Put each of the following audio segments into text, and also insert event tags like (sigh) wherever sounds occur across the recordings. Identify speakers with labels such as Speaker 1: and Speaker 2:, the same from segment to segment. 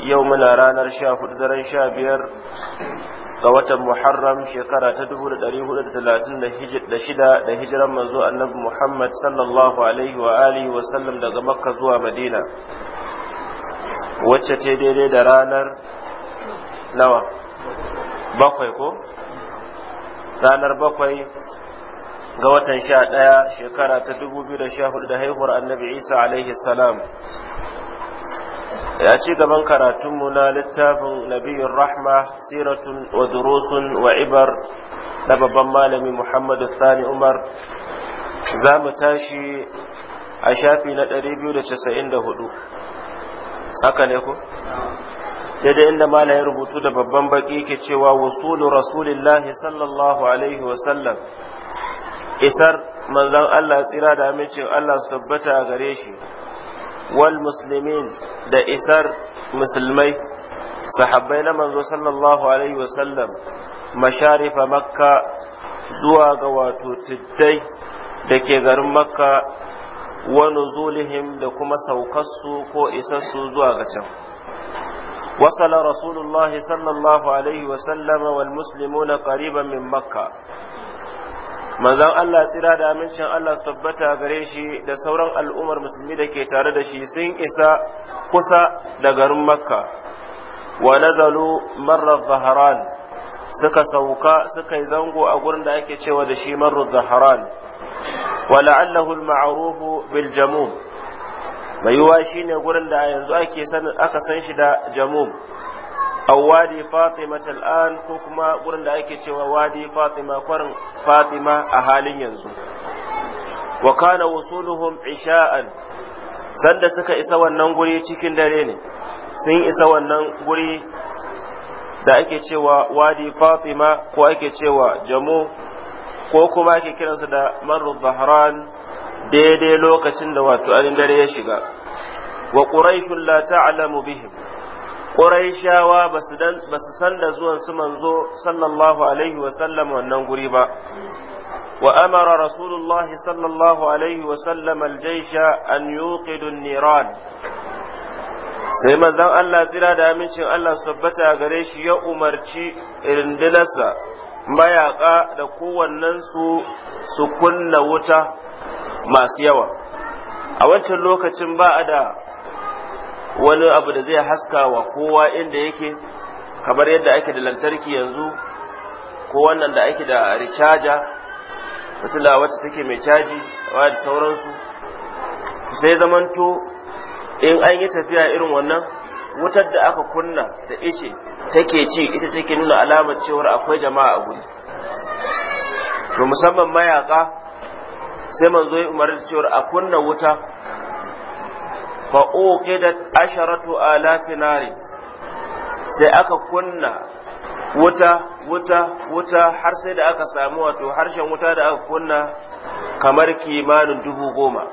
Speaker 1: yau muna ranar sha hudu daren sha biyar ga watan Muharram shekara ta dubu da ɗari hudu da talatin da shida da hijiran manzo annabi Muhammad sallallahu alaihi wa alihi wa sallam daga Makka zuwa Madina wacce ce daidai da ranar nawa bakwai ko ranar bakwai ga watan sha ɗaya shekara ta dubu biyu da sha hudu da haihuwar annabi Isa alaihi salam ya ci gaban karatunmu na littafin nabiyun rahma siratun wa durusun wa ibar na babban malami muhammadu sani umar za mu tashi a shafi na 294 haka ne ku? daidai inda mala ya rubutu da babban baki ke cewa wasulu rasulillahi sallallahu alaihi wasallam isar manzan allah tsira da amincin allah su tabbata a gare shi wal da isar musulmai sahabai na manzo sallallahu alaihi wasallam masharifa makka zuwa ga wato tiddai da ke garin makka wa nuzulihim da kuma saukarsu ko isassu zuwa ga can وصل رسول الله صلى الله عليه وسلم والمسلمون قريبا من مكة manzan Allah tsira da amincin Allah tabbata gare shi da sauran al'ummar musulmi da ke tare da shi sun isa kusa da garin makka wa nazalu marar zaharan suka sauka suka yi zango a gurin da ake cewa da shi marar zaharan wa la'allahu al-ma'rufu bil jamum mai yiwa shine gurin da yanzu ake san aka san shi da jamum aw wadi fatima al'an ko kuma gurin da ake cewa wadi fatima kwarin fatima a halin yanzu wa kana wusuluhum isha'an sanda suka isa wannan guri cikin dare ne sun isa wannan guri da ake cewa wadi fatima ko ake cewa jamo ko kuma ake kiransa da marru bahran daidai lokacin da wato anin dare ya shiga wa quraishun la ta'lamu bihim ƙuraishawa ba su san da zuwan su manzo sallallahu alaihi wasallam wannan guri ba wa amara rasulullah sallallahu alaihi wasallam aljaisha an yuqidu niran sai mazan Allah tsira da amincin Allah su tabbata gare shi ya umarci rindinarsa mayaƙa da kowannensu su kunna wuta masu yawa a wancan lokacin ba a da wani abu da zai haska wa kowa inda yake kamar yadda ake da lantarki yanzu ko wannan da ake da ricaja fitila wacce take mai caji wa da sauransu sai zamanto in an yi tafiya irin wannan wutar da aka kunna da ishe take ci ita take nuna alamar cewar akwai jama'a a guri to musamman mayaka sai manzo ya umarci cewar a kunna wuta fa uqidat asharatu alafi nari sai aka kunna wuta wuta wuta har sai da aka samu wato harshen wuta da aka kunna kamar kimanin dubu goma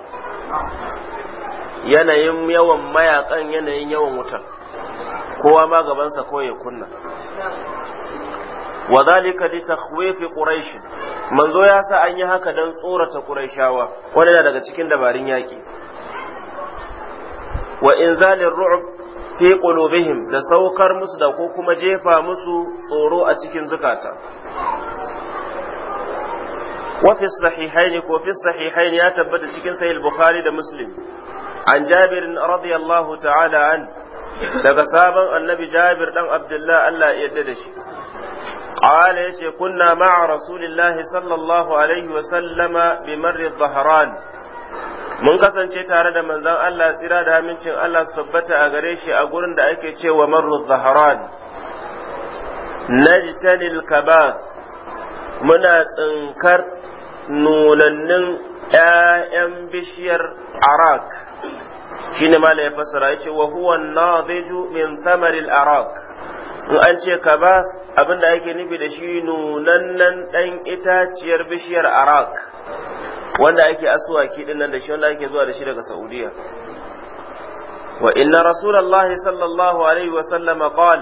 Speaker 1: yanayin yawan mayakan yanayin yawan wutan kowa ma gabansa ko ya kunna wa zalika li takhwifi quraish manzo ya sa an yi haka dan tsorata quraishawa wanda daga cikin dabarun yaki wa inzalin ru'ub fi qulubihim da saukar musu da ko kuma jefa musu tsoro a cikin zukata wa fi sahihain ko fi sahihain ya tabbata cikin sahih bukhari da muslim an jabir radiyallahu ta'ala an daga sabon annabi jabir dan abdullah Allah ya yarda da shi قال يشي كنا مع رسول الله صلى الله عليه وسلم بمر الظهران mun kasance tare da manzon Allah tsira da amincin Allah su tabbata a gare shi a gurin da ake cewa marru zaharan najtanil kaba muna tsinkar nunannin ‘ya'yan bishiyar arak shine mala ya fassara ya ce wa huwa nadiju min thamaril arak in an ce kaba abinda ake nufi da shi nunannan ɗan itaciyar bishiyar arak wanda ake asuwaki ɗin nan da shi wanda ake zuwa da shi daga saudiya wa inna rasulallahi sallallahu alaihi wa sallama qal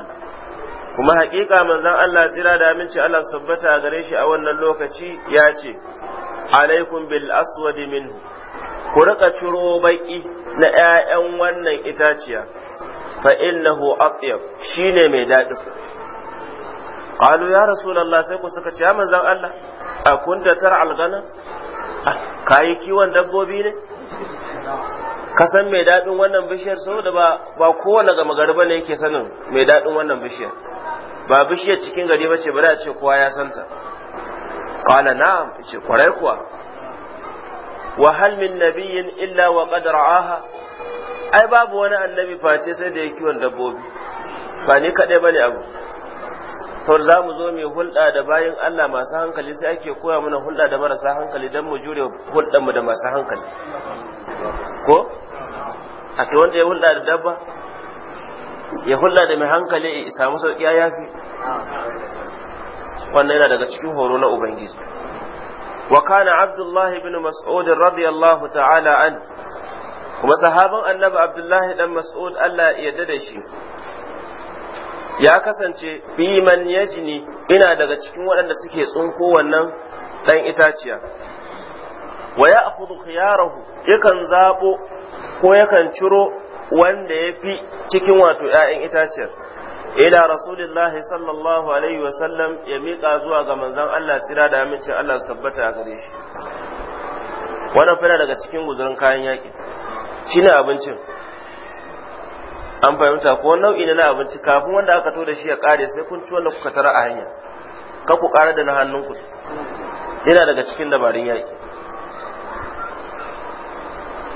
Speaker 1: kuma haƙiƙa manzon Allah tsira da aminci Allah su tabbata gare shi a wannan lokaci ya ce alaikum bil aswadi minhu ku riƙa ciro baki na 'ya'yan wannan itaciya fa innahu atyab shine mai daɗi qalu ya rasulullah sai ku suka ce ya Allah Akunta tar algana ah, kayi kiwon dabbobi ne ka san mai daɗin wannan bishiyar saboda ba ba kowane gama gari bane yake sanin mai daɗin wannan bishiyar ba bishiyar cikin gari ba ce ba a ce kowa ya santa qala na'am ce kwarai kuwa wa hal min nabiyyin illa wa qad ra'aha ai babu wani annabi face sai da ya kiwon dabbobi ba ni kaɗai ba ne abu To za mu zo mai hulɗa da bayan Allah masu hankali sai ake koya mana hulɗa da marasa hankali don mu jure hulɗanmu da masu hankali ko a ke wanda ya hulɗa da dabba ya hulɗa da mai hankali ya samu sauƙi ya yafi wannan yana daga cikin horo na ubangiji wa kana abdullahi bin mas'ud radiyallahu ta'ala an kuma sahaban annabi abdullahi dan mas'ud Allah ya yarda da shi ya kasance fi man yajni ina daga cikin waɗanda suke tsunko wannan dan itaciya wa ya akhudhu khiyarahu yakan zabo ko yakan ciro wanda ya fi cikin wato ‘ya'yan itaciyar ila rasulillahi sallallahu alaihi wasallam ya miƙa zuwa ga manzon Allah tsira da amincin Allah su tabbata a gare shi wannan fara daga cikin guzurin kayan yaki. shi ne abincin an fahimta ko nau'i na abinci kafin wanda aka to da shi ya kare sai kun ci wanda kuka tara a hanya ka ku kare da na hannunku yana daga cikin dabarun yaki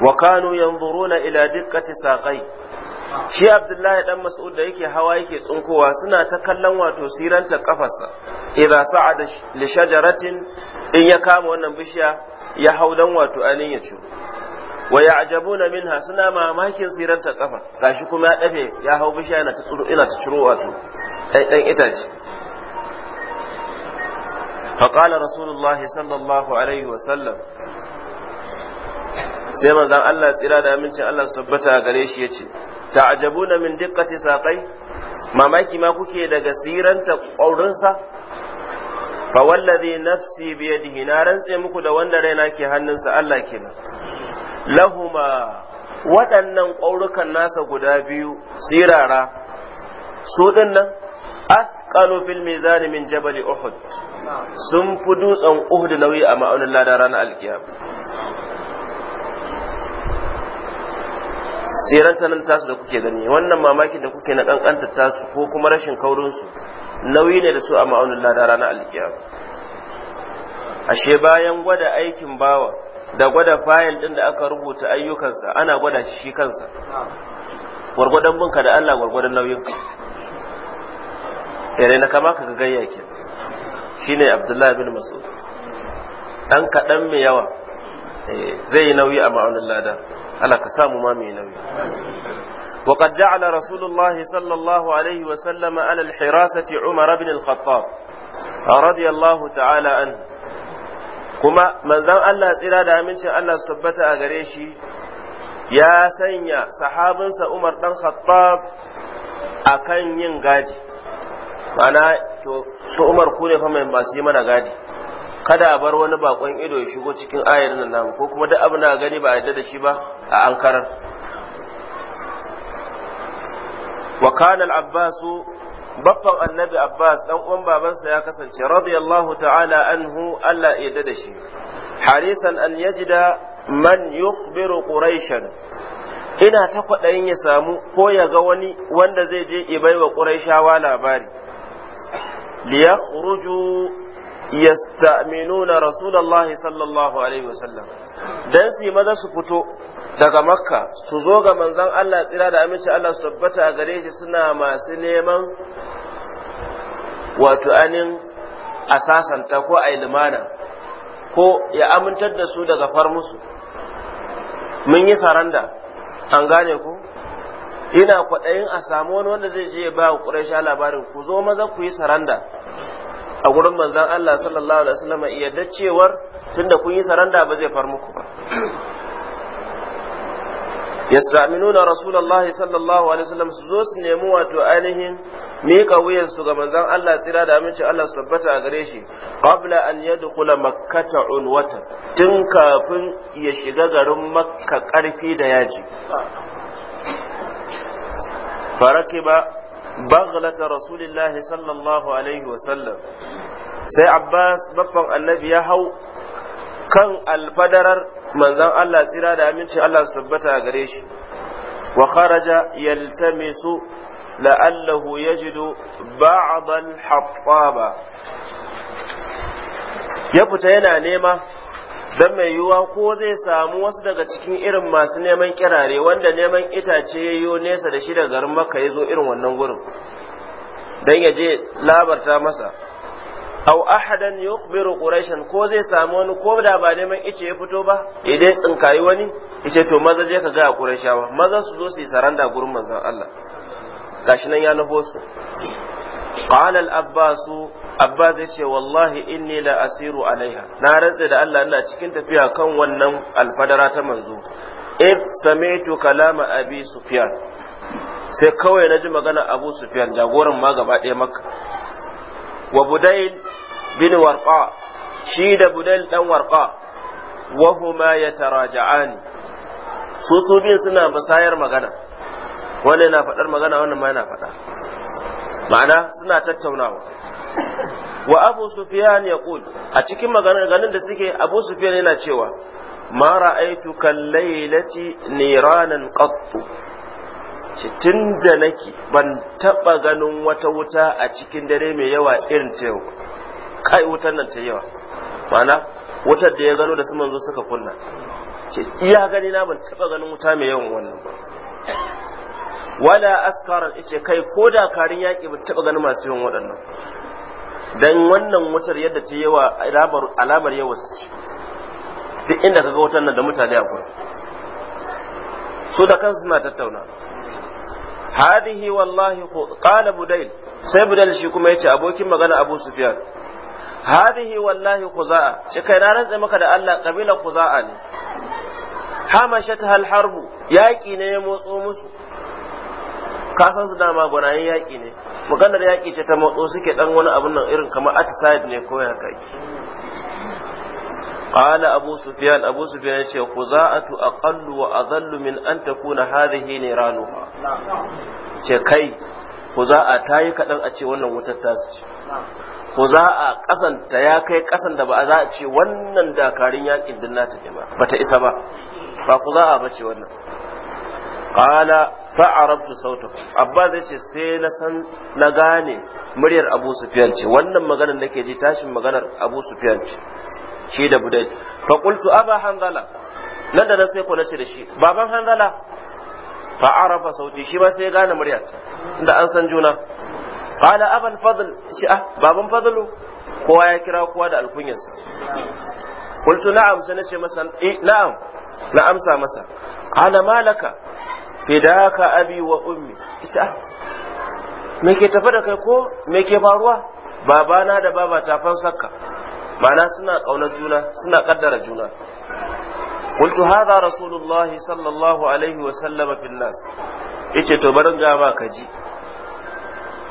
Speaker 1: wa kanu yanzuruna ila dikkati saqai shi abdullahi dan mas'ud da yake hawa yake tsunkowa suna ta kallon wato siranta kafarsa idza sa'ada li shajaratin in ya kama wannan bishiya ya hau dan wato anin ya ciro wa ya'jabuna minha suna mamakin tsirar kafa gashi kuma ya dafe ya hau bishiya yana ta tsuru ina ta ciro wato
Speaker 2: Ɗan dan itace
Speaker 1: fa rasulullahi sallallahu alaihi wa sallam sai manzan Allah tsira da amincin Allah su tabbata gare shi yace ta'jabuna min diqqati saqai mamaki ma kuke daga siranta ƙaurinsa fa wallazi nafsi biyadihi na rantse muku da wanda raina ke hannunsa Allah kenan lahuma waɗannan ƙaurukan nasa guda biyu sirara su dinnan asqalu fil mizan min jabal uhud sun fi dutsen uhud nauyi a ma'aunin lada ranar alkiyama siran tanan tasu da kuke gani wannan mamakin da kuke na kankanta tasu ko kuma rashin kaurinsu nauyi ne da su a ma'aunin lada ranar alkiyama ashe bayan gwada aikin bawa da gwada fayil ɗin da aka rubuta ayyukansa ana gwada shi kansa gwargwadon bunka da Allah gwargwadon nauyinka yare na kama ka gayya ke ne Abdullahi bin Mas'ud dan kaɗan mai yawa eh, zai yi nauyi a ma'aunin lada Allah ka samu ma mai nauyi وقد جعل رسول الله صلى الله عليه وسلم على الحراسة عمر بن الخطاب رضي الله تعالى عنه kuma manzon Allah tsira da amincin Allah su tabbata a gare shi ya sanya sahabinsa Umar dan Khattab akan yin gadi mana to su Umar ku ne fa mai masu yi mana gadi kada a bar wani bakon ido ya shigo cikin ayar nan namu ko kuma duk abu na gani ba a yadda da shi ba a ankarar wa kana al-Abbas baffan annabi Abbas dan uwan babansa ya kasance radiyallahu ta'ala anhu Allah ya da shi harisan an yajida man yukhbiru quraishan ina ta kwaɗayin ya samu ko ya ga wani wanda zai je wa quraishawa labari liyakhruju yasta'minuna rasulullahi sallallahu alaihi wasallam dan su maza su fito daga makka su zo ga manzon Allah tsira da aminci Allah su tabbata a gare shi suna masu neman wato anin asasanta ko a limana ko ya amintar da su daga far musu mun yi saranda an gane ku ina kwaɗayin a samu wani wanda zai je ba wa labarin ku zo maza ku yi saranda a gurin manzan Allah sallallahu alaihi wasallam yadda cewar tunda kun yi saranda ba zai far muku ba yastaminuna rasulullahi sallallahu alaihi wasallam su zo su nemi wato ainihin mika wuyansu ga manzon Allah tsira da aminci Allah su tabbata a gare shi qabla an yadkhula makkata unwata tun kafin ya shiga garin makka karfi da yaji farakiba baghlata rasulillahi sallallahu alaihi wasallam sai abbas baffan annabi ya hau kan alfadarar manzan allah tsira da aminci allah su tabbata a gare shi wa kharaja yaltamisu la'allahu yajidu ba'd al-hattaba ya fita yana nema dan mai yiwuwa ko zai samu wasu daga cikin irin masu neman kirare wanda neman itace ya yi nesa da shi daga garin maka ya zo irin wannan gurin dan ya je labarta masa aw ahadan yukhbiru quraishan ko zai samu wani ko da ba neman ice ya fito ba idan tsinkayi wani ice to maza je ka ga quraishawa maza su zo su yi saranda gurin manzon Allah gashi nan ya nufo su قال الأباس أباس يشي والله إني لا أسير عليها نارز إلى ألا أنا أتكنت فيها كون ونم الفدرات منذ إذ سمعت كلام أبي سفيان sai kawai na ji magana abu sufyan jagoran ma gaba ɗaya maka wa budail bin warqa shi da budail dan warqa wa huma yataraja'ani su su bin suna musayar magana wannan na faɗar magana wannan ma yana faɗa ma'ana suna tattaunawa wa abu sufyan ya a cikin maganganun da suke abu sufyan yana cewa ma ra'aitu kallailati niranan qattu tun da nake ban taba ganin wata wuta a cikin dare mai yawa irin ta yau kai wutar nan ta yawa ma'ana wutar da ya gano da su manzo suka kunna ce iya gani na ban taba ganin wuta mai yawan wannan ba wala askaran ice kai ko da karin yaki ba taɓa ganin masu yin waɗannan dan wannan wutar yadda ta yawa alamar yawa ce duk inda kaga wutar nan da mutane a gurin su da kansu suna tattauna hadihi wallahi qala budail sai budail shi kuma yace abokin magana abu sufyan hadihi wallahi khuza'a shi kai na tsaye maka da Allah kabila khuza'a ne hamashat hal harbu yaki ne ya motso musu ka san su dama gwanayen yaƙi ne maganar yaƙi ce ta motso suke dan wani abun nan irin kamar atisaid ne ko ya kaki qala abu sufyan abu sufyan yace khuza'atu aqallu wa adallu min an takuna hadhihi niranuha ce kai khuza'a yi kadan a ce wannan wutar ta su ce khuza'a kasan ta ya kai kasan da ba za a ce wannan dakarun yaƙin din nata ba ba ta isa ba ba khuza'a ce wannan qala fa arabtu sautahu abba zai ce sai na san na gane muryar abu sufyan ce wannan maganar nake ji tashin maganar abu sufyan ce shi da budai fa qultu aba hanzala nan da sai ko nace da shi baban hanzala fa arafa sauti shi ba sai ya gane muryar inda an san juna qala aban fadl shi ah baban fadlu kowa ya kira kowa da alkunyarsa qultu na'am sai nace masa eh, na'am na amsa masa ana malaka fidaka abi wa ummi isa me ke tafi da kai ko me ke faruwa babana da baba ta fansarka mana suna ƙaunar juna suna ƙaddara juna qultu hadha rasulullahi sallallahu alaihi wa sallam fil nas yace to barin gaba ka ji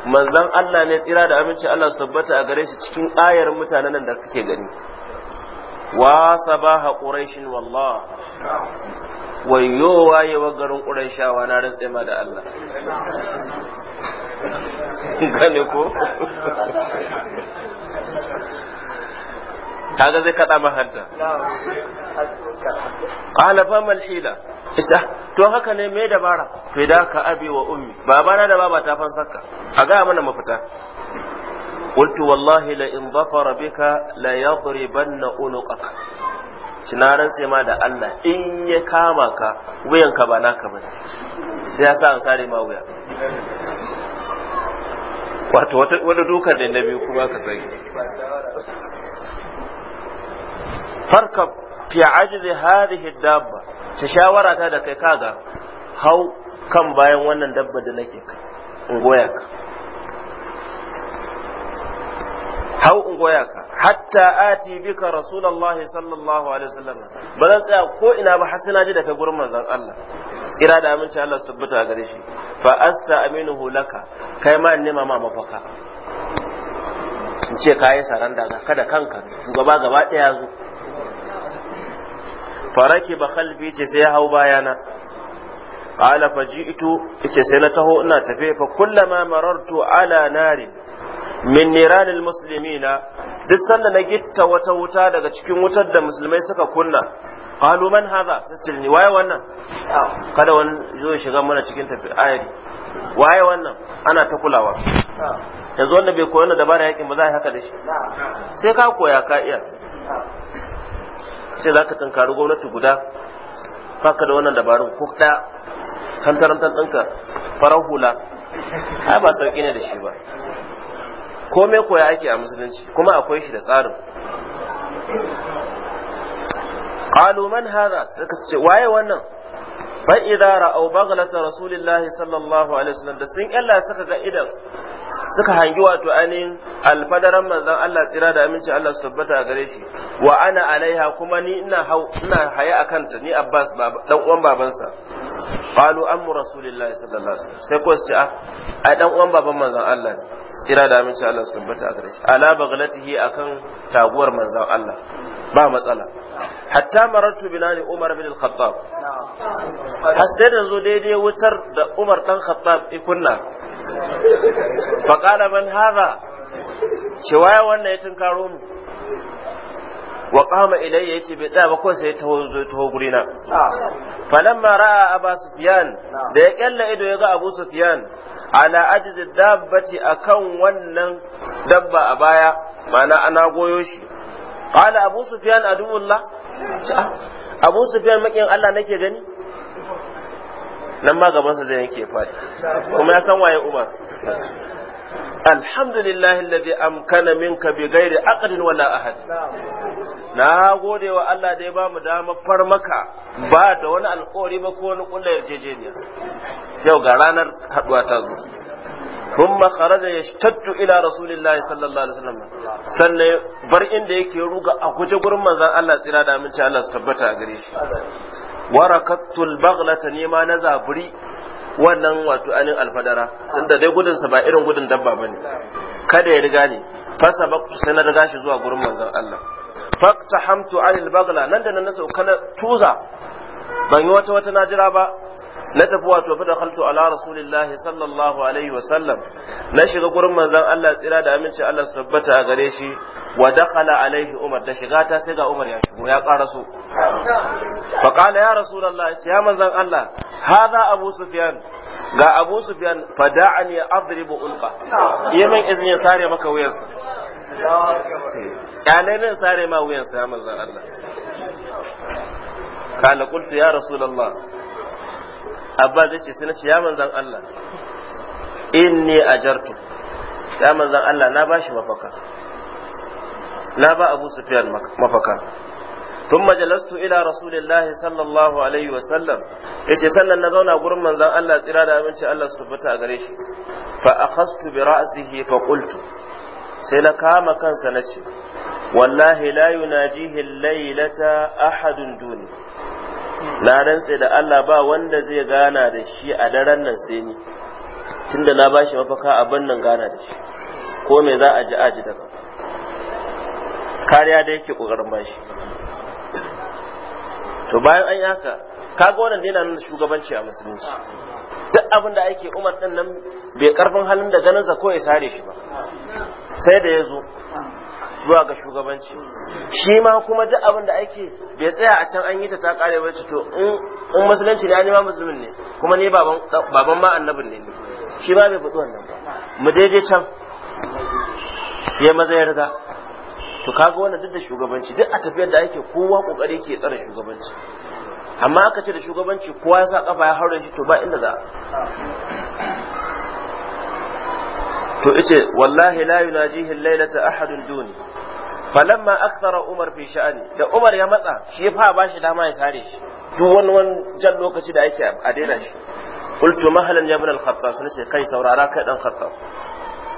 Speaker 1: manzon Allah ne tsira da aminci Allah su tabbata a gare shi cikin ayar mutanen nan da kake gani wa sabaha quraishin wallah wayo wa garin shawa na rantse ma da Allah gane ko kaga zai kaɗa mahadda qala fa mal hila isa to haka ne mai dabara ka abi wa ummi babana da baba ta fansaka a ga mana mafita قلت والله لئن ظفر بك ليضربن عنقك ci na rantse ma da Allah in ya kama ka wuyan ka ba naka ba sai ya sa an sare ma wuya wato wata dokar da na biyu kuma ka sani farka fi zai hadhihi dabba ta shawara ta da kai kaga hau kan bayan wannan dabba da nake ka in goya ka hau in goya ka hatta ati bika rasulullahi sallallahu alaihi wasallam ba zan tsaya ko ina ba har sai na ji daga gurin manzon Allah tsira da aminci Allah su tabbata a gare shi fa asta aminuhu laka kai ma in nema ma mafaka in ce kayi saranda ka, kada kanka shugaba gaba daya zo faraki ba khalfi ce sai ya hau bayana qala faji'tu ce sai na taho ina tafe fa kullama marartu ala narin min niranil muslimina duk sanda na gitta wata wuta daga cikin wutar da musulmai suka kunna qalu man hadha sastilni waye wannan kada wani zo shiga mana cikin tafi ayari waye wannan ana ta kulawa yanzu wanda bai koyi dabara yakin ba za a haka da shi sai ka koya ka iya ce za ka tunkari gwamnati guda baka da wannan dabarun ko ɗaya santarantar ɗinka farar hula ai ba sauƙi ne da shi ba komai koya ake a musulunci kuma akwai shi da tsarin qalu man hadha suka ce waye wannan fa idza ra'aw baghlata rasulillahi sallallahu alaihi wasallam da sun Allah suka ga idan suka hangi wato ainihin alfadaran manzon Allah tsira da aminci Allah su tabbata a gare shi wa ana alaiha kuma ni ina hau ina haya akan ta ni Abbas dan uwan babansa qalu amru rasulillahi sallallahu alaihi wasallam sai ko su a ah, ai dan uwan baban manzon Allah tsira da aminci Allah su tabbata a gare shi ala baghlatihi akan taguwar manzon Allah ba matsala hatta marartu bilali Umar bin al-Khattab har sai da zo daidai wutar da Umar dan Khattab ikunna fa qala man hadha cewa ya wannan ya tunkaro mu wa qama ilayya yace bai tsaya ba ko sai ta zo ta guri na falamma ra'a Aba Sufyan da ya kalla ido ya ga Abu Sufyan ala ajzi dabbati akan wannan dabba a baya ma'ana ana goyo shi qala Abu Sufyan adumullah Abu Sufyan makin Allah nake gani nan ma gabansa zai yanke fadi, kuma ya san waye umar alhamdulillah alladhi amkana minka bi ghairi aqdin wala ahad na gode wa Allah da ya bamu dama farmaka ba da wani alƙawari ba ko wani jeje yarjejeniya yau ga ranar haduwa ta zo kuma kharaja yashtattu ila رسول sallallahu alaihi wasallam sanne bar inda yake ruga a guje gurin manzon Allah tsira da aminci Allah su tabbata a gare shi warakattul baghlata ne ma na zaburi wannan wato anin alfadara tunda dai gudunsa ba irin gudun dabba bane kada ya riga ne fasa baktu sai na riga shi zuwa gurin manzon Allah fakta hamtu alil bagla nan da nan na sauka na tuza ban yi wata wata najira ba na tafi wato fa dakhaltu ala rasulillahi sallallahu alaihi wa sallam na shiga gurin manzon Allah tsira da aminci Allah su tabbata a gare shi wa dakhala alaihi Umar da shiga ta sai ga Umar ya shigo ya karaso fa qala ya rasulullahi ya manzon Allah hadha Abu Sufyan ga Abu Sufyan fa da'ani adribu ulqa yamin izin ya sare maka wuyar sa. kyalai ne sare ma wuyar sa ya manzon Allah kala qultu ya rasulullah abba zai ce sai ce ya manzan Allah inni ajartu ya manzan Allah na bashi mafaka na ba Abu Sufyan mafaka tun majalastu ila rasulillahi sallallahu alaihi wasallam ya ce sannan na zauna gurin manzan Allah tsira da abinci Allah su tabbata a gare shi fa akhastu bi ra'sihi fa qultu sai na kama kansa na ce wallahi la yunajihi laylata ahadun duni na rantse da Allah ba wanda zai gana da shi a daren nan sai ni tunda na bashi mafaka a nan gana da shi ko me za a ji a ji daga kariya da yake kokarin bashi to bayan an yaka kaga wannan yana nuna shugabanci a musulunci duk abin da ake umar din nan bai karfin halin da ganin sa ko ya sare shi ba sai da ya zo zuwa ga shugabanci shi ma kuma duk abin da ake bai tsaya a can an yi ta ta kare ba to in musulunci ne ni ma musulmin ne kuma ne baban ma annabin ne shi ma bai fito wannan ba mu daidai can ya maza ya riga to kaga wannan duk da shugabanci duk a tafiyar da ake kowa kokari ke tsare shugabanci amma aka ce da shugabanci kowa ya sa kafa ya haure shi to ba inda za to ice wallahi la yunajihi lailata ahadun duni falamma akthara umar fi sha'ani da umar ya matsa shi fa ba shi dama ya sare shi duk wani wani jan lokaci da ake a daina shi qultu mahalan ya ibn al-khattab sun ce kai saurara kai dan khattab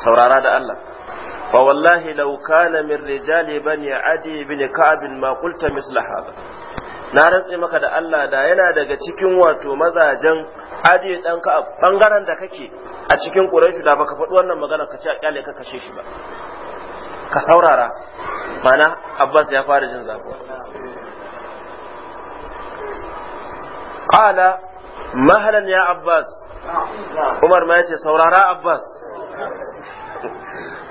Speaker 1: saurara da Allah fa wallahi law kana min rijali bani adi ibn ka'ab ma qulta misla hada na rantse maka da Allah da yana daga cikin wato mazajen aje dan ka bangaren da kake a cikin Quraysh da baka faɗi wannan magana ka ci a kyale ka kashe shi ba ka saurara mana abbas ya fara jin zafi qala mahalan ya abbas umar ma yace saurara abbas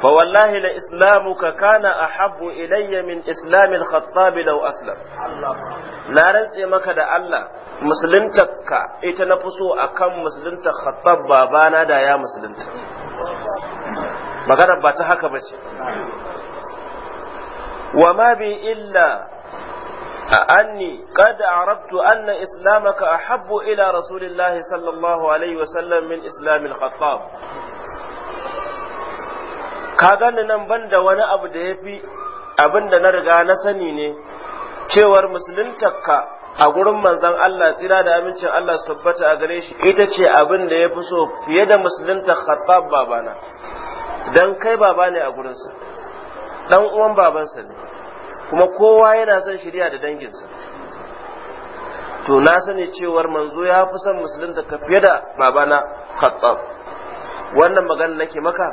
Speaker 1: fa wallahi la islamuka kana ahabbu ilayya min islam al-khattab law aslam na rantse maka da Allah musuluntarka ita na fuso akan musuluntar khattab babana da ya musulunta ta haka bace wa ma bi illa أني قد عرفت أن إسلامك أحب ila رسول الله صلى wa sallam min من إسلام الخطاب nan ban da wani abu da ya fi abin da na riga na sani ne cewar musuluntarka a gurin manzon Allah tsira da amincin Allah su tabbata a gare shi ita ce abin da ya fi so fiye da musuluntar khattab babana dan kai baba ne a gurinsa dan uwan babansa ne kuma kowa yana son shirya da danginsa to na sani cewar manzo ya fi son musulunta ka fiye da babana khattab wannan magana nake maka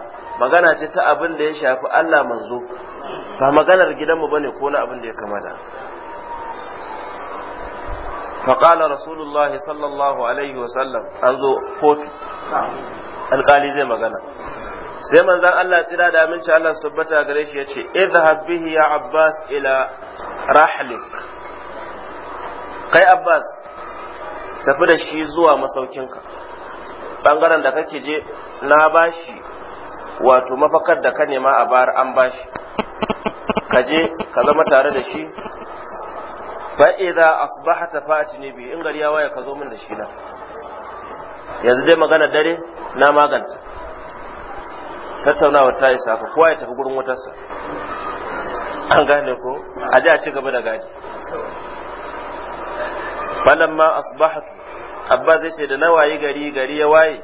Speaker 1: magana ce ta abin da ya shafi Allah manzo ba maganar gidanmu bane ko na abin da ya kamata فقال رسول الله صلى الله عليه وسلم أنظر قوت القالي زي ما قال sai manzan Allah tsira da aminci Allah su tabbata gare shi ya ce idhab bihi ya Abbas ila rahlik kai Abbas tafi da shi zuwa masaukinka bangaren da kake je na bashi wato mafakar da ka nema a bar an bashi ka je ka zama tare da shi fa asbahata fati ne bi in gari ya waya ka zo min da shi na yanzu dai magana dare na maganta tattaunawa ta isa ka kowa ya tafi gurin wutarsa an gane ko a ji a ci gaba da gadi falamma asbahatu Abba zai ce da na wayi gari gari ya waye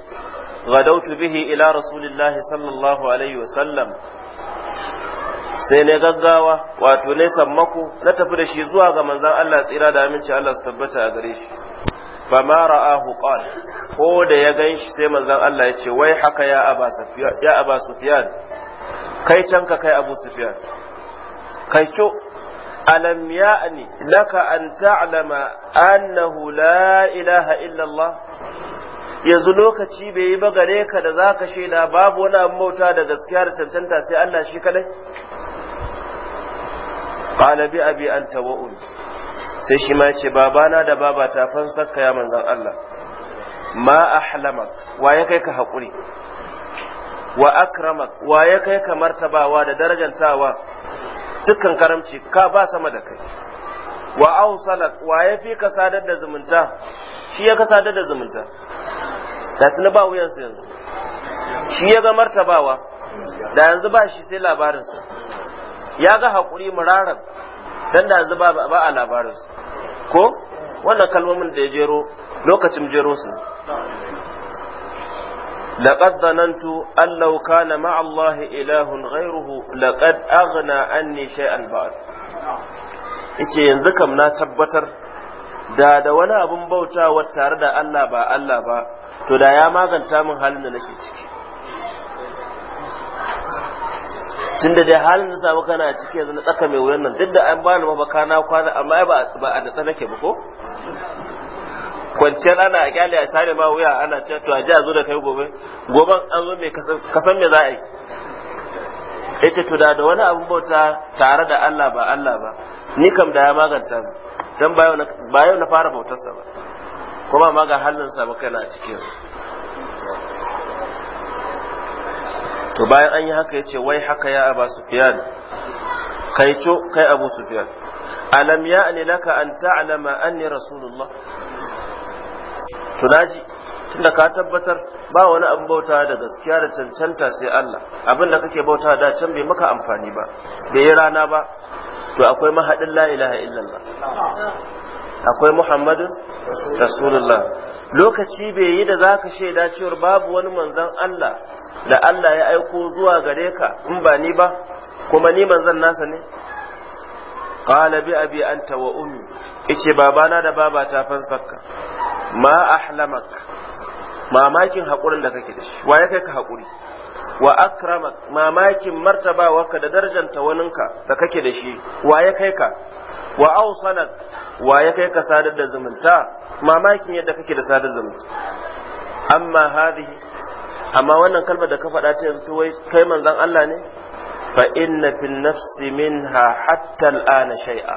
Speaker 1: gadautu bihi ila rasulillahi sallallahu alaihi wa sallam. sai ne gaggawa wato ne sammako na tafi da shi zuwa ga manzan Allah tsira da aminci Allah su tabbata a gare shi fa ma ra'ahu qal ko da ya ganshi sai manzon Allah ya ce wai haka ya aba sufyan ya aba sufyan kai can kai abu sufyan kai co alam ya'ni laka an ta'lama annahu la ilaha illa Allah yanzu lokaci bai yi ba gare ka da zaka shaida babu wani abin bauta da gaskiya da cancanta sai Allah shi kadai qala bi abi anta wa sai shi ma ce babana da baba ta sakka ya manzan Allah ma ahlamak wa ya kai ka haƙuri wa akramak wa ya kai ka martabawa da darajantawa dukkan karamci ka ba sama da kai wa awsalak wa ya fi ka sadar da zumunta shi ya ka sadar da zumunta da tuni ba wuyansu yanzu shi ya ga martabawa da yanzu ba shi sai labarinsa ya ga haƙuri muraran dan da yanzu ba a labarin su ko wannan kalmomin da ya jero lokacin jero su لقد ظننت أن لو كان مع الله إله غيره لقد أغنى عني شيئا yanzu kam na tabbatar da da wani abin bautawa tare da Allah ba Allah ba to da ya maganta min halin da nake ciki tunda dai halin da samu kana ciki yanzu na tsaka mai wuyan nan duk da an bani mafaka na kwana amma ba a natsa nake ba ko kwanciyar ana a kyale a share ma wuya ana cewa to a ji a zo da kai gobe goben an zo mai kasan me za a yi ya ce to da da wani abin bauta tare da Allah ba Allah ba ni kam da ya maganta don ba yau na fara bautarsa ba kuma ma ga halin sa ba kana cikin to bayan an yi haka yace wai haka ya aba sufyan kai co kai abu sufyan alam ya'ni laka an ta'lama anni rasulullah to naji tunda ka tabbatar ba wani abu bauta da gaskiya da cancanta sai Allah abin da kake bauta da can bai maka amfani ba bai yi rana ba to akwai mahadin la ilaha illallah akwai muhammadun rasulullah lokaci bai yi da zaka shaida cewar babu wani manzon Allah da Allah ya aiko zuwa gare ka in ba ni ba kuma ni manzan nasa ne qala bi abi anta wa ummi ice babana da baba ta fansakka ma ahlamak mamakin hakurin da kake da shi Wa ya kai ka hakuri wa akrama mamakin martabawarka da darjanta waninka da kake da shi wa ya kai ka wa ausanak wa ya kai ka sadar da zumunta mamakin yadda kake da sadar zumunta amma hadhihi amma wannan kalmar da ka faɗa ta yanzu wai kai manzon Allah ne fa inna fil nafsi minha hatta al'ana shay'a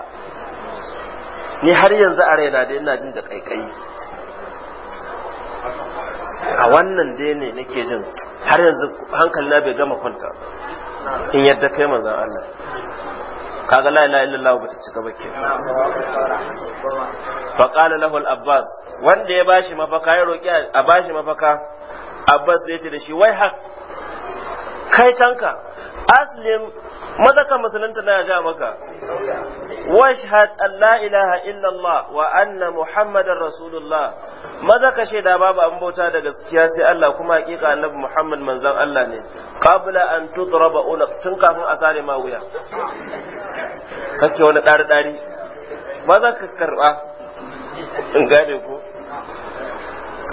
Speaker 1: ni har yanzu a raina da ina jin da kaikayi a wannan dai ne nake jin har yanzu hankali na bai gama kwanta in yadda kai manzan Allah kaga la ilaha illallah ba ta cika ke. fa qala lahu abbas wanda ya bashi mafaka ya roki a bashi mafaka abbas ya ce da shi wai hak kai canka aslim maza ka musulunta na ya ja maka washhad an la ilaha illallah wa anna muhammadar rasulullah maza ka shaida babu an bauta da gaskiya sai Allah kuma hakika annabi muhammad manzon Allah ne qabla an tudraba ulaq tun kafin a sare ma wuya kake wani dari dari maza ka karba in gane ko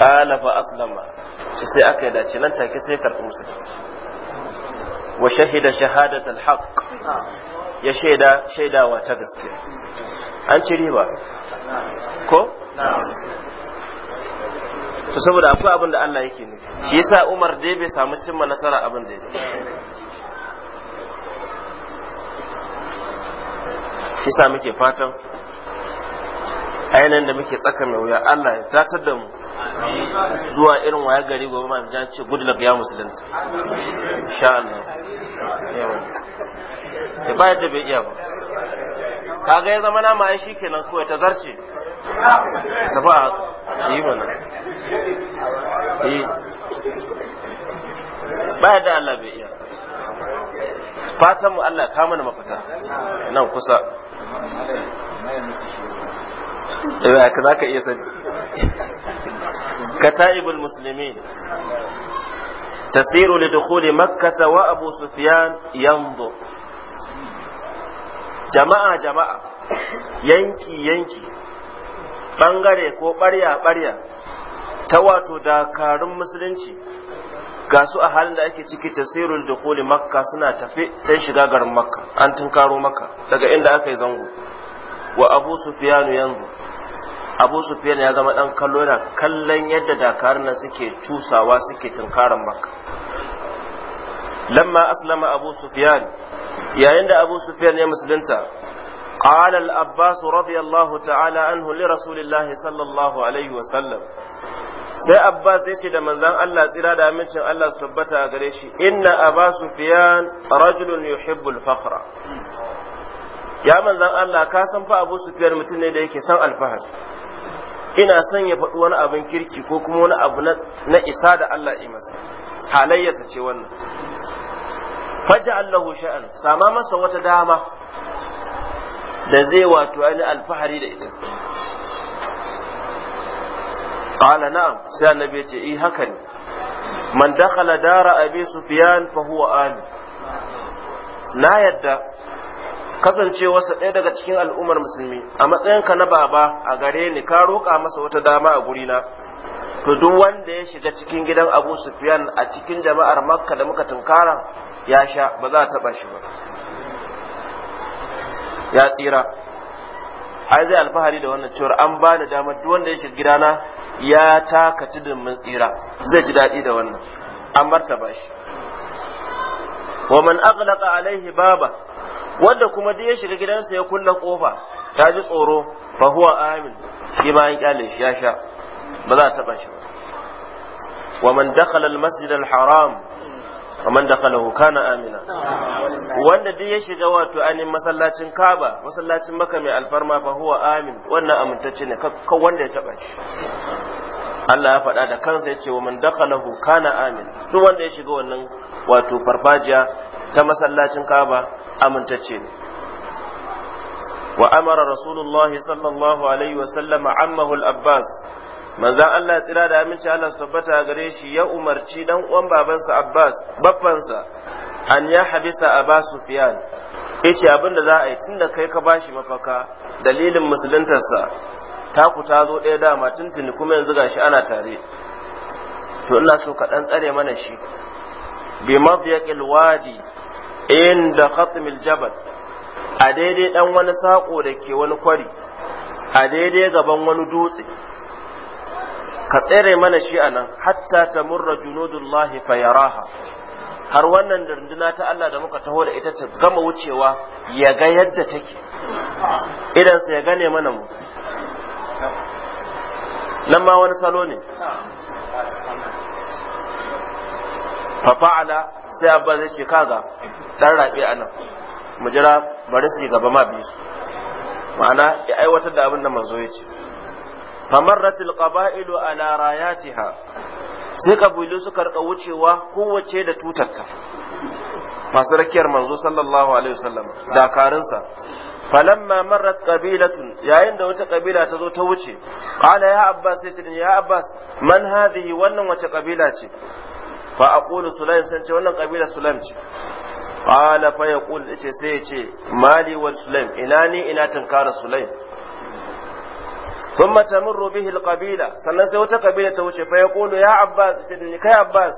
Speaker 1: qala fa sai aka yi dace nan take sai wa shahida shahadatul
Speaker 3: haqq
Speaker 1: ya shaida shaidawa ta gaske an ci riba ko to saboda akwai abin da Allah yake nufi shi yasa Umar dai bai samu cimma nasara abin da yake shi yasa muke fatan ainihin da muke tsaka mai wuya Allah ya tatar da mu zuwa irin waya gari gobe ma ce good luck ya musulunta insha Allah
Speaker 3: Eh, ya da bai
Speaker 1: iya ba kaga ya zama nama ai shikenan so ta zarce tafa yi mana
Speaker 3: eh.
Speaker 1: Ba bayar da Allah bai iya fatan mu Allah ka mana mafita nan kusa ya eh, ka zaka iya sani kata'ibul muslimin تسير لدخول مكة وأبو سفيان ينظر jama'a jama'a yanki yanki ɓangare ko ɓarya ɓarya ta wato dakarun musulunci ga su a halin da ake ciki tasirul koli makka suna tafe dan shiga garin makka an tunkaro makka daga inda aka yi zango wa abu sufyanu yanzu abu sufyan ya zama dan kallo yana kallon yadda dakarun nan suke cusawa suke tunkaran makka lamma aslama abu sufyan yayin da abu sufyan ya musulunta قال الأباس رضي ta'ala تعالى عنه لرسول الله صلى الله عليه sai Abbas ya ce da manzan Allah tsira da amincin Allah su tabbata a gare shi inna Aba Sufyan rajulun yuhibbul fakhra ya manzan Allah ka san fa Abu Sufyan mutum ne da yake san alfahar. ina son ya faɗi wani abin kirki ko kuma wani abu na isa da Allah yi masa halayyarsa ce wannan faja Allahu sha'an sama masa wata dama da zai wato ainihin alfahari da ita qala na'am sai annabi ce eh haka ne man dakhala dara abi sufyan fa huwa amin na yadda kasancewarsa ɗaya daga cikin al'ummar musulmi a matsayinka na baba a gare ni ka roƙa masa wata dama a gurina to duk wanda ya shiga cikin gidan abu sufyan a cikin jama'ar makka da muka tunkara ya sha ba za a bashi ba ya tsira ai zai alfahari da wannan cewar an ba da dama duk wanda ya shiga gidana ya taka tudun mun tsira zai ji daɗi da wannan an martaba shi wa man aghlaqa alaihi baba wanda kuma duk ya shiga gidansa ya kulle kofa ta ji tsoro fa huwa amin shi ma an kyale shi ya sha ba za a taba shi ba wa man dakhala al masjid al haram wa man dakhalahu kana amina wanda duk ya shiga wato anin masallacin Kaaba masallacin Makka mai alfarma fa huwa amin wannan amintacce ne kan wanda ya taba shi Allah ya faɗa da kansa ya ce wa man dakhalahu kana amin duk wanda ya shiga wannan wato farfajiya ta masallacin Kaaba amintacce ne wa amara rasulullah sallallahu alaihi wa sallama ammahul abbas manzon Allah tsira da aminci Allah su tabbata gare shi ya umarci dan uwan babansa Abbas baffansa an ya habisa ba Sufyan yace abin da za a yi tunda kai ka bashi mafaka dalilin musuluntarsa taku ta zo ɗaya dama tuntuni kuma yanzu gashi ana tare to ina so ka ɗan tsare mana shi bi madyaqil wadi inda khatmil jabal a daidai ɗan wani sako da ke wani kwari a daidai gaban wani dutse ka tsere mana shi a nan hatta ta murra junudullahi fayaraha har wannan runduna ta Allah da muka taho da ita ta gama wucewa ya ga yadda take idansa ya gane mana mu nan ma wani salo ne fafa'ala sai abba zai ce kaga dan rabe a nan mu jira bari su gaba ma biyu ma'ana ya aiwatar da abin da manzo ya ce famarratil qaba'ilu ala rayatiha sai kabilu suka rika wucewa kowace da tutarta masu rakiyar manzo sallallahu alaihi wasallam dakarunsa falamma marrat qabilatun yayin da wata kabila ta zo ta wuce qala ya abbas sai ce ya abbas man hadhihi wannan wace kabila ce fa aqulu sulaim sai ce wannan kabila sulaim ce qala fa yaqul ce sai ya ce mali wal sulaim ina ni ina tunkara sulaim ثم bihi al qabila sannan sai wata kabila ta wuce fa yaqulu ya abbas ce ni kai abbas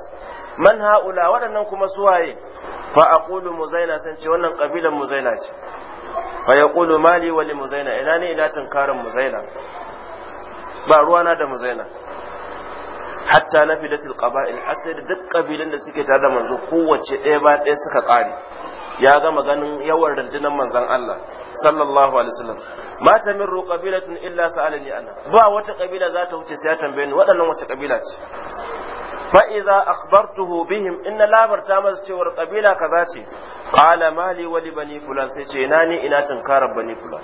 Speaker 1: man haula waɗannan kuma suwaye fa aqulu muzaina sai ce wannan kabilan muzaina ce fa mali wani muzaina ina ne ina tunkarin muzaina ba ruwana da muzaina hatta na fidatul qaba'il har sai da duk ƙabilin da suke tare da manzo kowace ɗaya ba ɗaya suka ƙare ya gama ganin yawan rundunar manzon Allah sallallahu alaihi wasallam ma ru qabilatin illa sa'alani ana ba wata kabila za ta wuce sai ya tambaye ni waɗannan wace kabila ce fa iza akhbartuhu bihim in na labarta masa cewar kabila kaza ce qala mali wa li bani fulan sai ce ina ni ina tunkarar bani fulan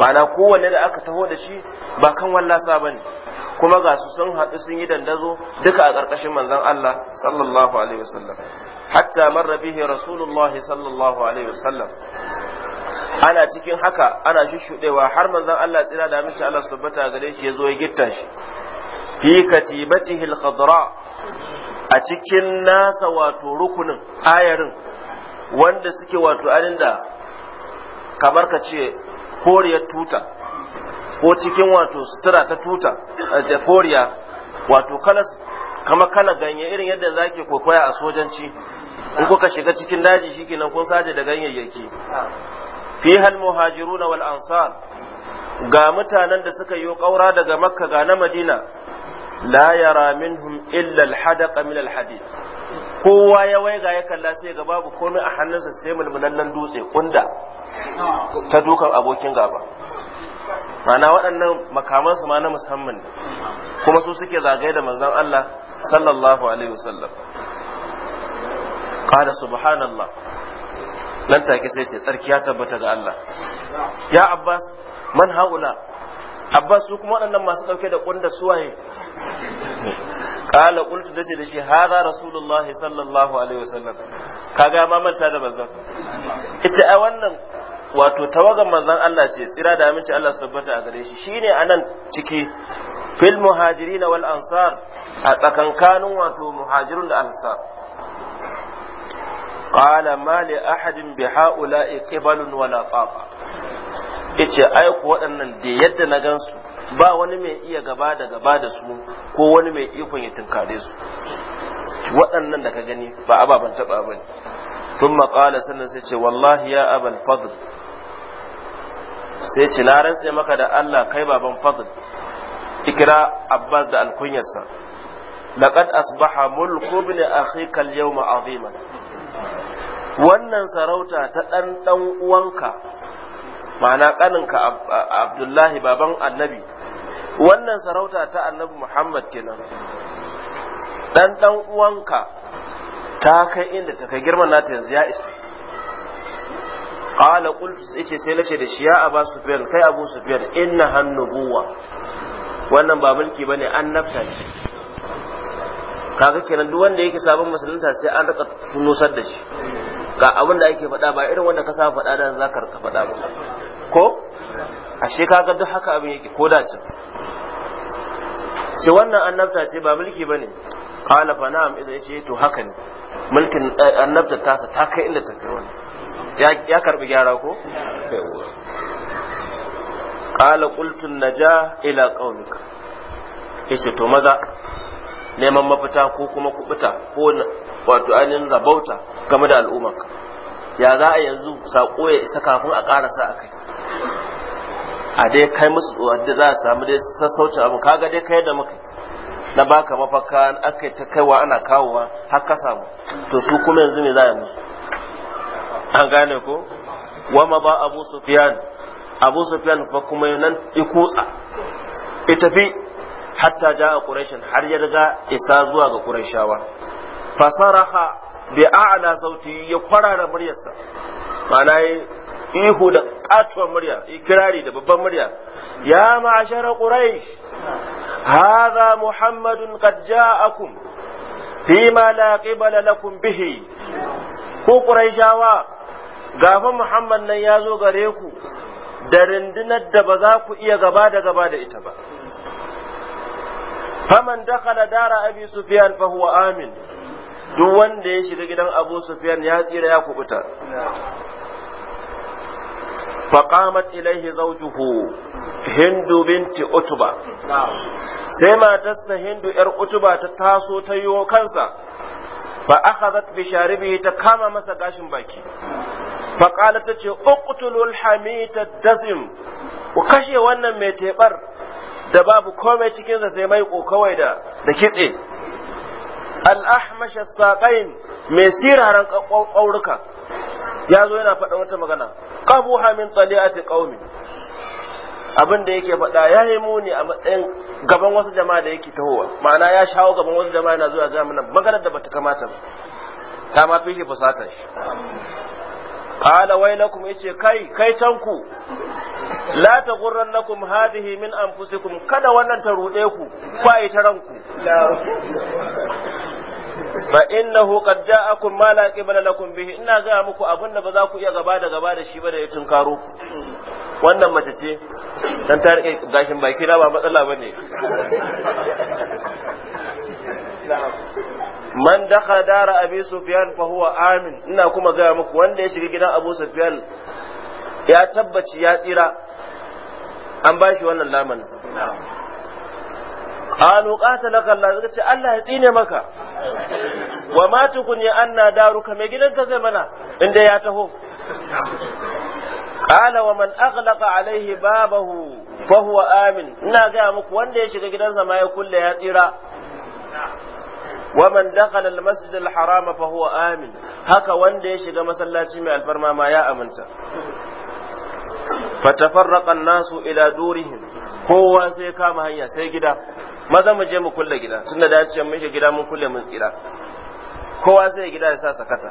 Speaker 1: ma'ana kowanne da aka taho da shi ba kan wallasa bane kuma ga su sun haɗu sun yi dandazo duka a ƙarƙashin manzon Allah sallallahu alaihi wasallam hatta marra bihi rasulullah sallallahu alaihi wasallam ana cikin haka ana shushuɗewa har manzon Allah tsira da mace Allah su ta'ala gare shi ya zo ya gitta shi fi katibatihil khadra a cikin nasa wato rukunin ayarin wanda suke wato anin kamar ka ce koriyar tuta ko cikin wato sutura ta tuta eh, da koriya wato kalas kama kala ganye irin yadda zaki kokoya a sojanci in kuka shiga cikin daji shikenan kun saje da ganyayyaki fi hal muhajiruna wal ansar ga mutanen da suka yi ƙaura daga makka ga na madina la yara minhum illa alhadaqa min alhadid kowa ya waiga ya kalla sai ga babu komai a hannunsa sai mulmulallen dutse kunda ta dukan abokin gaba ma'ana waɗannan makamansu ma na musamman kuma su suke zagaye da manzon Allah sallallahu alaihi wasallam qala subhanallah nan take sai ce tsarki ya tabbata ga Allah ya abbas man haula abbas su kuma waɗannan masu ɗauke da ƙunda suwaye kala da dace da shi hada rasulullahi sallallahu alaihi wasallam kaga ma manta da manzon ita a wannan wato tawagan manzon Allah ce tsira da aminci Allah su tabbata a gare shi shine nan ciki fil muhajirin wal ansar a tsakankanin wato muhajirun da ansar qala ma li ahadin bi haula'i qibalun yace ai waɗannan da yadda na gansu ba wani mai iya gaba da gaba da su ko wani mai ikon ya tunkare su waɗannan da ka gani ba ababen taɓa bane sun قال sannan sai ce wallahi ya abal fadl sai ce na rantse maka da Allah kai baban fadl ikira abbas da alkunyarsa laqad asbaha mulku ibn akhika al-yawma aziman wannan sarauta ta dan dan uwanka ma'ana kaninka abdullahi baban annabi wannan sarauta ta annabi muhammad kenan dan dan uwanka ta kai inda ta kai girman nata yanzu ya isa qala qul ce sai lace da shi ya aba sufyan kai abu sufyan inna hannubuwa wannan ba mulki bane annabta ne kaga kenan duk wanda yake sabon musulunta sai an rika tunusar da shi ga abin da ake faɗa ba irin wanda ka sa faɗa da za ka faɗa ba ko ashe ga duk haka abin yake ko da ce sai wannan annabta ce ba mulki bane qala fa na'am idza yace to haka ne mulkin eh, annabta tasa ta kai inda ta kai wani ya karbi gyara ko qala qultu naja ila qaumika yace to maza neman mafita ko kuma kubuta ko wato ainihin rabauta game da al'ummarka ya za a yanzu saƙo ya isa kafin a ƙarasa a kai a dai kai musu wadda za a samu dai sassaucin abu kaga dai kai da muka na baka mafaka aka ta kaiwa ana kawowa har ka samu to su kuma yanzu me za a musu an gane ko wama ba abu sufyan abu sufyan fa kuma nan ikutsa ita fi hatta ja a quraishin har ya riga isa zuwa ga quraishawa fasaraha bi a'la sauti ya kwarara muryarsa ma'ana ihu da katuwar murya ikirari da babban murya ya ma'ashara quraish hadha muhammadun qad ja'akum fima la qibala lakum bihi ku quraishawa gafa muhammad nan ya zo gare ku da rindinar da ba za ku iya gaba da gaba da ita ba faman dakhala dara abi sufyan fa huwa amin duk wanda ya shiga gidan abu sufyan ya tsira ya kubuta fa qamat ilaihi zawjuhu hind binti utba sai matarsa hindu yar utba ta taso ta yi kansa fa akhadhat bi sharibihi ta kama masa gashin baki fa qalat ta ce uqtulul hamita dazim ku kashe wannan mai tebar da babu komai cikinsa sai mai kawai da da kitse al'ahmash saƙain mai siraran ƙaurika ya zo yana faɗa wata magana qabuha min tali'ati qaumin abin da yake faɗa ya yi muni a matsayin gaban wasu jama'a da yake tahowa ma'ana ya shawo gaban wasu jama'a yana zuwa gaya maganar da bata kamata ba ta ma fi shi fusata shi qala yace kai kai can la taghurrannakum hadhihi min anfusikum kada wannan ta rude ku ku ta ranku fa innahu qad ja'akum ma la na lakum bihi ina ga muku da ba za ku iya gaba da gaba da shi ba da ya karo. wannan mace ce don ta riƙe gashin baki na ba matsala bane man dakhala dara abin sufyan fahuwa amin ina kuma gaya muku wanda ya shiga gidan abu sufyan ya tabbaci ya tsira an ba shi wannan lamanin qalu qatalaka Allah suka ce Allah ya tsine maka wa ma tukunya anna daruka gidan ka zai mana inda ya taho qala wa man aghlaqa alaihi babahu fa huwa amin ina ga muku wanda ya shiga gidansa ma ya kulle ya tsira wa man dakhala al-masjid al-harama fa huwa amin haka wanda ya shiga masallaci mai alfarma ma ya aminta fatafarraqa nasu ila durihim kowa sai kama hanya sai gida maza mu je mu kulle gida tunda da ce mun gida mun kulle mun tsira kowa sai gida ya sa sakata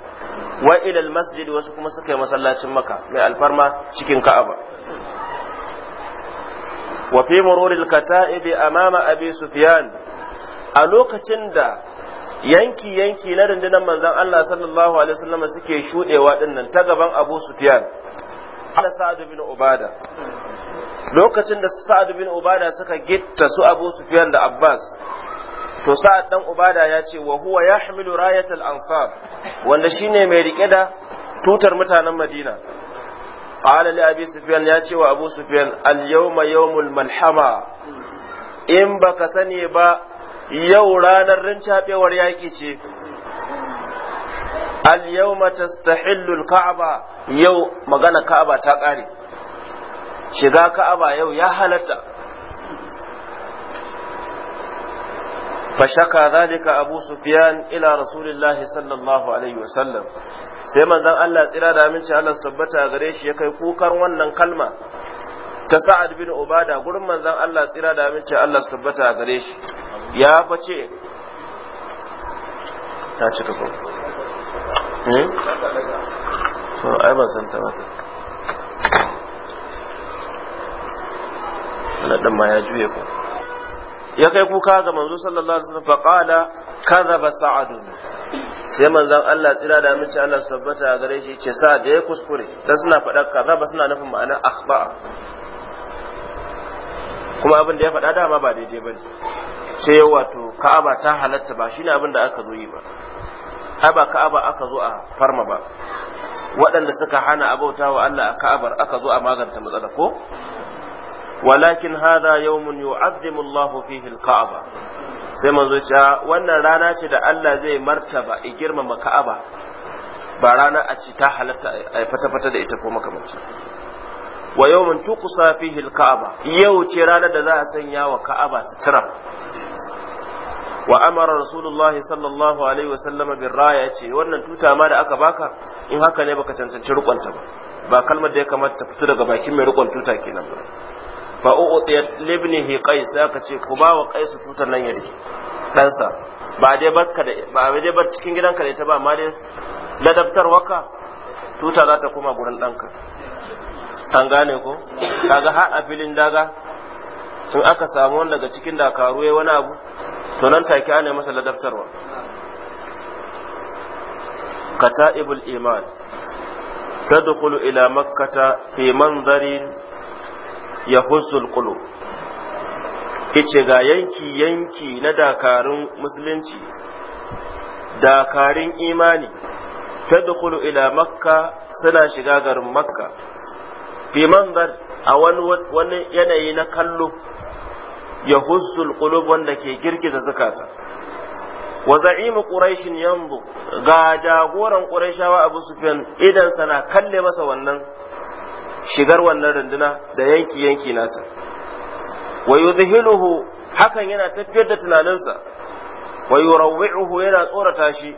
Speaker 1: wa ila masjid wasu kuma suka yi masallacin maka mai alfarma cikin ka'aba wa fi mururil kata'ibi amama abi sufyan a lokacin da yanki yanki na rundunar manzon Allah sallallahu alaihi wasallam suke shudewa dinnan ta gaban Abu Sufyan ala sa'ad bin ubada lokacin da sa'ad bin ubada suka gitta su abu sufyan da abbas to sa'ad dan ubada ya ce wa huwa yahmilu rayatal ansar wanda shine mai rike da tutar mutanen madina qala li abi sufyan ya ce wa abu sufyan al yawma yawmul malhama in baka sani ba yau ranar rincafewar yaki ce al-yawma tastahillu kaaba yau magana ka'aba ta kare shiga ka'aba yau ya halatta fashaka zalika abu sufyan ila rasulillahi sallallahu alaihi wasallam sai manzon Allah tsira da aminci Allah su tabbata gare shi ya kai kukan wannan kalma ta sa'ad bin ubada gurin manzon Allah tsira da aminci Allah su tabbata gare shi ya bace ta cika Hmm? to ai ban san ta mata na dan ma ya juye ku ya kai kuka ga manzo sallallahu alaihi wasallam faqala kadhaba sa'ad sai manzon Allah tsira da mace Allah su tabbata gare shi ce sa da ya kuskure dan suna faɗa kadhaba suna nufin ma'ana akhba kuma abin da ya faɗa dama ba daidai bane sai wato ka'aba ta halatta ba shine abin da aka zo yi ba ai ba ka'aba aka zo a farma ba waɗanda suka hana abauta wa Allah a ka'abar aka zo a maganta matsala ko walakin hadha yawmun yu'azzimu Allah fihi al-ka'aba sai manzo cewa ah, wannan rana ce da Allah zai martaba i girmama ka'aba ba rana a ci ta halatta a fata-fata da ita ko makamanci wa yawmun tuqsa fihi al-ka'aba yau ce ranar da za a sanya wa ka'aba sutura wa amara rasulullahi sallallahu alaihi wa sallama bin raya ce wannan tuta ma da aka baka in haka ne baka cancanci rukunta ba ba kalmar da ya kamata ta fito daga bakin mai rukun tuta kenan ba fa libni hi qais aka ce ku ba wa qais tutar nan yadda sa ba dai barka da ba dai bar cikin gidanka da ita ba amma dai ladabtar waka tuta za ta koma gurin danka. an gane ko kaga har a filin daga in aka samu wani daga cikin dakaru ya wani abu to nan take ana masa ladabtarwa kata'ibul iman tadkhulu ila makkata fi manzarin yahussul qulub yace ga yanki yanki na dakarun musulunci dakarun imani tadkhulu ila makka suna shiga garin makka fi manzar a wani yanayi na kallo ya alqulub wanda ke girgiza zakata wa za'imu quraish yanzu ga jagoran quraishawa abu sufyan idan sana kalle masa wannan shigar wannan runduna da yanki yanki nata wa yudhiluhu hakan yana tafiyar da tunaninsa wa yurawwi'uhu yana tsorata shi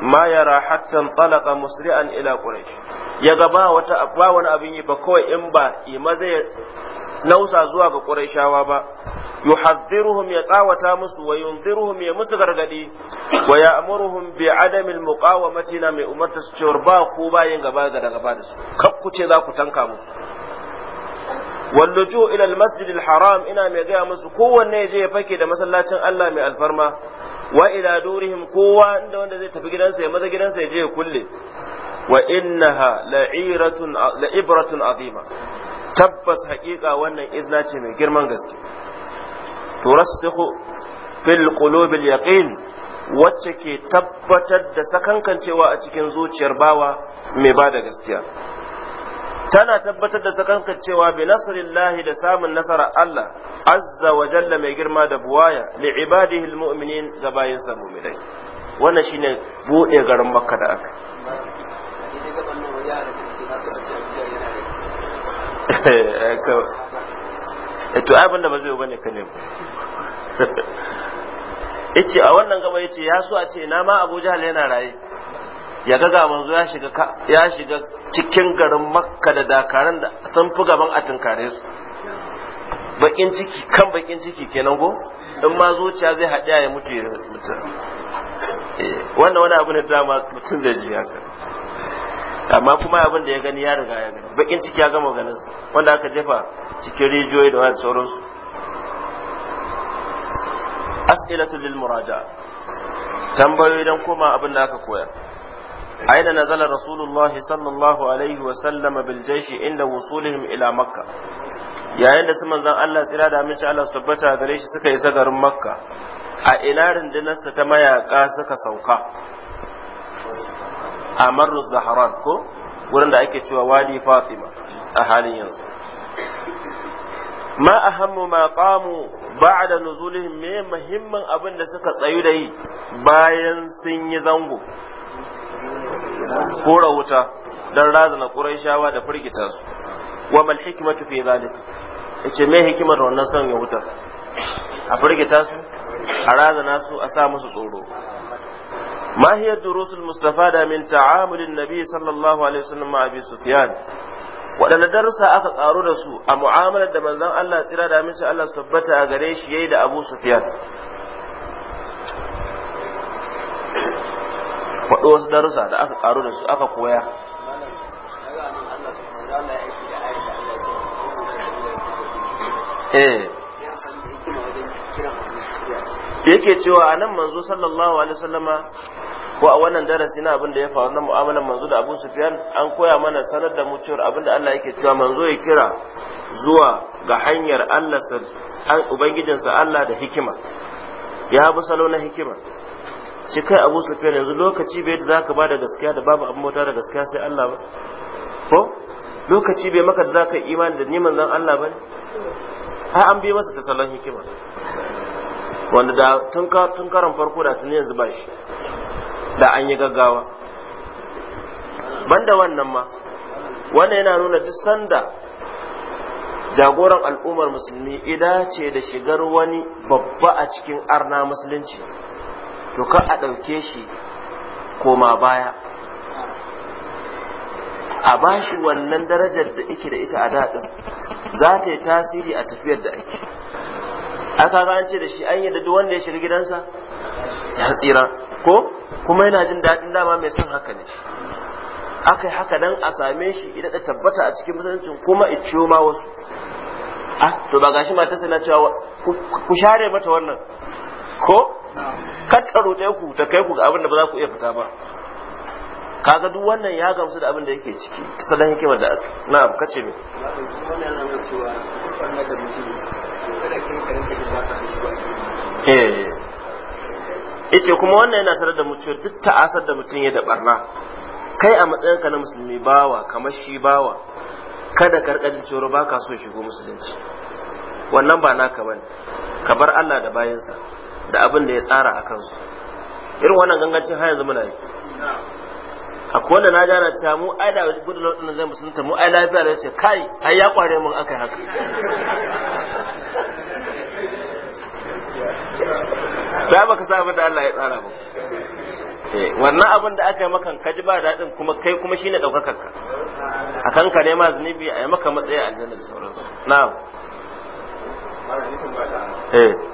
Speaker 1: ma yara hatta talaqa musri'an ila quraish ya gaba wata ba wani abin yi ba kawai in ba zai nausa zuwa ga qurayshawa ba yuhadhdhiruhum ya tsawata musu wa yunziruhum ya musu gargadi wa ya'muruhum bi adami al muqawamati na mai umarta su cewa ba ko bayin gaba da gaba da su kakkuce za ku tanka mu. walluju ilal almasjid haram ina mai gaya masu kowane ya je ya fake da masallacin Allah mai alfarma wa ila durihim kowa wanda zai tafi gidansa ya maza gidansa ya je ya kulle wa innaha la'iratun la'ibratun azima tabbas haƙiƙa wannan izna ce mai girman gaske turassihu fil qulubil yaqin wacce ke tabbatar da sakankancewa a cikin zuciyar bawa mai ba da gaskiya tana tabbatar da sakanka cewa bi nasrillahi da samun nasara Allah azza wa jalla mai girma da buwaya li ibadihi almu'minin ga bayin sa mu'minai wannan shine bude garin makka da aka eh, to ai banda ba zai bane kane (laughs) yace a wannan gaba yace ya so a ce na ma Abu Jahal yana raye ya ga manzo ya shiga ya shiga cikin garin makka da dakaran da sun fi gaban a tunkare su bakin ciki kan bakin ciki kenan go in ma zuciya zai haɗiya ya mutu ya mutu eh, wannan wani abu ne dama mutum zai ji haka amma kuma abin da ya gani ya riga ya gani bakin ciki ya gama ganin sa wanda aka jefa cikin rijiyoyi da wani sauransu as'ilatu lil muraja tambayoyi dan koma abin da aka koya أين نزل رسول الله صلى الله عليه وسلم بالجيش عند وصولهم إلى مكة yayin da su manzan Allah Sira da aminci Allah su gare shi suka isa garin Makka a ina rundunarsa ta mayaka suka sauka a Marruz da Haran ko wurin da ake cewa Wadi Fatima a halin yanzu ma ahammu ma qamu ba'da nuzulihim me muhimmin abin da suka tsayu da yi bayan sun yi zango kora wuta dan razana quraishawa da firgita su wa mal hikmatu fi zalika yace me hikimar wannan sanya ya wuta a firgita su a razana su a sa musu tsoro ma hiya durusul المستفادة من تعامل النبي صلى الله عليه وسلم مع أبي سفيان waɗanda darussa aka ƙaru da su a mu'amalar da manzon Allah tsira da aminci Allah tabbata a gare shi yayi da Abu Sufyan faɗo wasu darussa da aka ƙaru da su aka koya eh yake cewa a nan manzo sallallahu alaihi wasallama ko a wannan darasi na abin da ya faru na mu'amalar manzo da Abu Sufyan an koya mana sanar da mu cewa abin da Allah yake cewa manzo ya kira zuwa ga hanyar Allah ubangijinsa Allah da hikima ya bi salo na hikima shi kai abu sufyan yanzu lokaci bai za zaka ba da gaskiya da babu abin bauta da gaskiya sai Allah ba ko lokaci bai maka da zaka imani da neman zan Allah ba har an bi masa tasallon hikima wanda da tun karan farko da tuni yanzu ba shi da an yi gaggawa banda wannan ma wannan yana nuna duk sanda jagoran al'ummar musulmi ida ce da shigar wani babba a cikin arna musulunci to ka a ɗauke shi koma baya a bashi wannan darajar da ike da ita a daɗin za ta yi tasiri a tafiyar da ake aka ga an ce da shi an yi da duk wanda ya shiga gidansa ya tsira ko kuma yana jin daɗin dama mai son haka ne aka yi haka dan a same shi idan da tabbata a cikin musuluncin kuma in ciyo ma wasu A ah, to ba gashi sai na cewa ku share mata wannan kar ta ku ta kai ku ga abin da ba za ku iya fita ba kaga duk wannan ya gamsu da abin da yake ciki salon hikimar da na abu kace me eh yace kuma wannan yana sanar da mutuwa duk ta'asar da mutum ya da barna kai a matsayinka na musulmi bawa kamar shi bawa kada ka rika jin baka so shigo musulunci wannan ba naka bane ka bar Allah da bayansa da abin da ya tsara a kansu irin wannan gangancin hanyar zama na yi akwai da na jana cewa mu ai da gudu lokacin zai musulunta mu ai lafiya da ce kai ai ya kware mun akai haka ba ka sabu da Allah ya tsara ba eh, wannan abin da aka yi makan kaji ba daɗin kuma kai kuma shine ɗaukakar ka a kan ka nema zunubi a yi maka matsayi a aljanna da sauransu na'am
Speaker 3: eh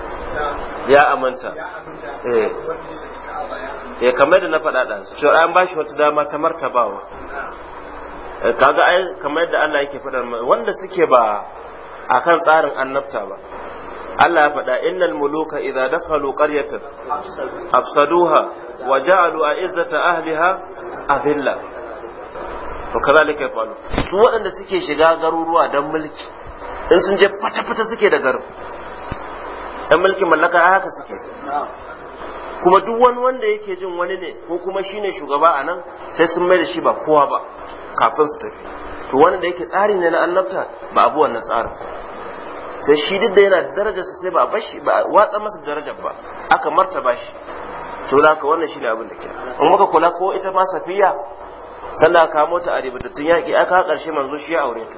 Speaker 3: ya amanta eh. eh kamar
Speaker 1: da na faɗa ɗan su cewa an bashi wata dama ta martabawa eh, kaga ai kamar yadda Allah yake faɗa wanda suke ba akan tsarin annabta ba Allah ya faɗa innal muluka idza dakhalu qaryatan afsaduha wa ja'alu a'izzata ahliha adilla to kazalika yafalu su waɗanda suke shiga garuruwa dan mulki in sun je fata-fata suke da garin yan mulkin mallaka a haka suke kuma duk wani wanda yake jin wani ne ko kuma shine shugaba a nan sai sun mai da shi ba kowa ba kafin su tafi to wani da yake tsari ne na annabta ba abu wannan tsarin sai shi duk da yana daraja su sai ba bashi ba watsa masa darajar ba aka martaba shi to da ka wannan shine abin da ke in muka kula ko ita ma safiya sannan ka mota a ribatattun yaƙi aka karshe manzo shi ya aure ta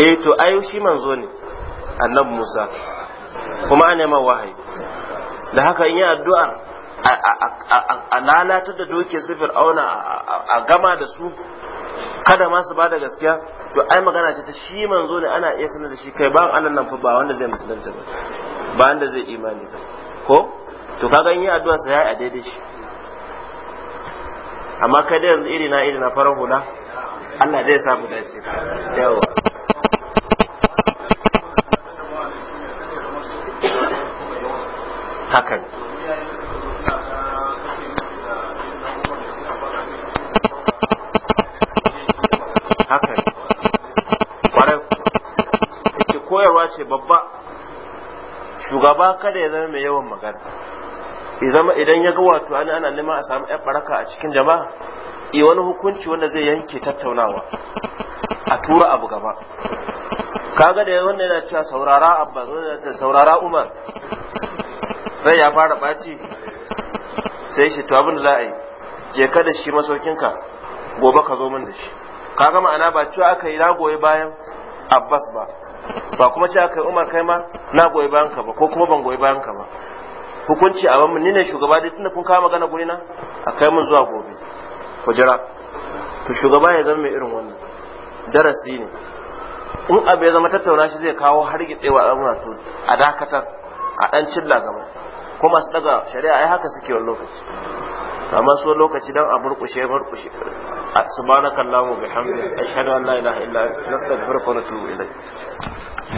Speaker 1: eh to ai shi manzo ne annabi Musa kuma an yi wahayi da haka in yi addu'a a lalatar da doke su fir'auna a gama da su kada ma su bada gaskiya to ai magana ce ta shi manzo ne ana iya sanar da shi kai ba Allah nan fa ba wanda zai musulunta ba ba wanda zai imani ba ko to kaga in yi addu'a sayayi yayi a daidai shi amma ka da yanzu irina irina farar hula Allah zai samu dace yawa hakan
Speaker 2: hakan kwarar
Speaker 1: koyarwa ce babba shugaba kada ya zama mai yawan magana zama idan ya ga wato ana ana neman a samu yan baraka a cikin jama'a i wani hukunci wanda zai yanke tattaunawa a tura abu gaba kaga da wannan yana cewa saurara abba da saurara umar rai ya fara baci sai shi to abin da za a yi je ka da shi masaukinka gobe ka zo min da shi kaga ma'ana ba cewa aka yi na bayan abbas ba ba kuma ce aka yi umar kai ma na goyi bayan ka ba ko kuma ban goyi bayan ka ba hukunci a mamu ni ne shugaba dai tunda kun kawo magana guri na a kai mun zuwa gobe ku jira to shugaba ya zama mai irin wannan darasi ne in abu ya zama tattauna shi zai kawo har a al'amura to a dakatar a dan cilla gaba ko masu daga shari'a ai haka suke wani lokaci amma so lokaci dan a burkushe burkushe subhanakallahu bihamdika ashhadu an la ilaha illa anta astaghfiruka wa atubu ilayk